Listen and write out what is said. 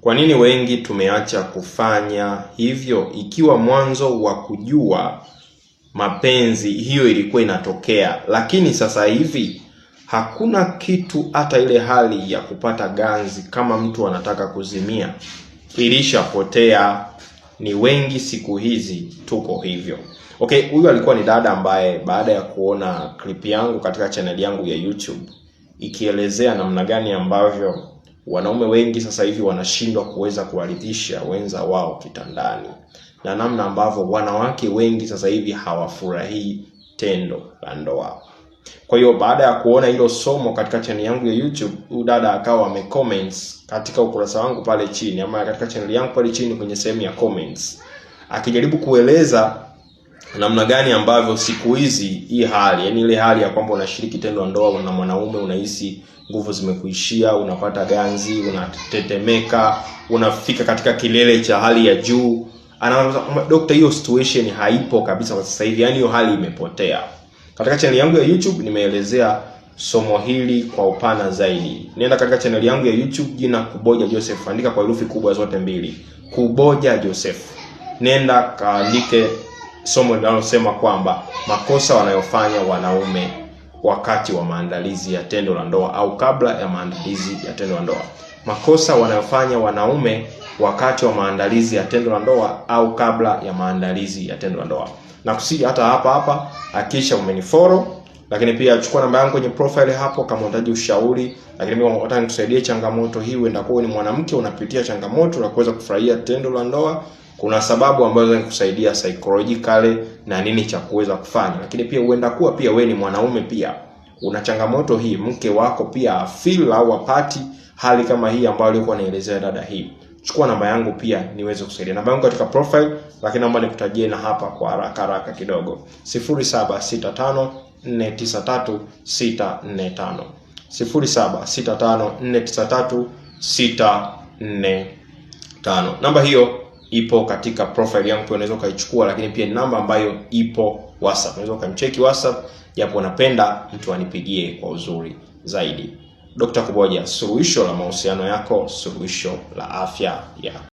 Kwa nini wengi tumeacha kufanya hivyo, ikiwa mwanzo wa kujua mapenzi hiyo ilikuwa inatokea, lakini sasa hivi hakuna kitu, hata ile hali ya kupata ganzi kama mtu anataka kuzimia ilishapotea. Ni wengi siku hizi tuko hivyo. Okay, huyu alikuwa ni dada ambaye baada ya kuona klipi yangu katika chaneli yangu ya YouTube ikielezea namna gani ambavyo Wanaume wengi sasa hivi wanashindwa kuweza kuwaridhisha wenza wao kitandani, na namna ambavyo wanawake wengi sasa hivi hawafurahii tendo la ndoa. Kwa hiyo baada ya kuona hilo somo katika chaneli yangu ya YouTube, huyu dada akawa amecomments katika ukurasa wangu pale chini ama katika chaneli yangu pale chini kwenye sehemu ya comments, akijaribu kueleza namna gani ambavyo siku hizi hii hali yani ile hali ya kwamba unashiriki tendo ndoa na mwanaume unahisi nguvu zimekuishia, unapata ganzi, unatetemeka, unafika katika kilele cha hali ya juu. Anaanza dokta, hiyo situation haipo kabisa kwa sasa hivi, yani hiyo hali imepotea. Katika chaneli yangu ya YouTube nimeelezea somo hili kwa upana zaidi. Nenda katika chaneli yangu ya YouTube, jina Kuboja Joseph, andika kwa herufi kubwa zote mbili, Kuboja Joseph, nenda kaandike somo linalosema kwamba makosa wanayofanya wanaume wakati wa maandalizi ya tendo la ndoa au kabla ya maandalizi ya tendo la ndoa. Makosa wanayofanya wanaume wakati wa maandalizi ya tendo la ndoa au kabla ya maandalizi ya tendo la ndoa. Na kusihi hata hapa hapa hakikisha umenifollow, lakini pia chukua namba yangu kwenye profile hapo kama unahitaji ushauri, lakini pia unataka nikusaidie changamoto hii, uenda kwa ni mwanamke unapitia changamoto na kuweza kufurahia tendo la ndoa kuna sababu ambazo zinakusaidia psychologically na nini cha kuweza kufanya. Lakini pia huenda kuwa pia we ni mwanaume pia una changamoto hii, mke wako pia feel au apati hali kama hii ambayo alikuwa anaelezea dada hii. Chukua namba yangu pia niweze kusaidia. Namba yangu katika profile, lakini naomba nikutajie na hapa kwa haraka haraka kidogo: 0765493645 0765493645. Namba hiyo ipo katika profile yangu, pia unaweza ukaichukua, lakini pia ni namba ambayo ipo WhatsApp, unaweza ukamcheki WhatsApp, japo napenda mtu anipigie kwa uzuri zaidi. Dr. Kuboja, suluhisho la mahusiano yako, suluhisho la afya yako.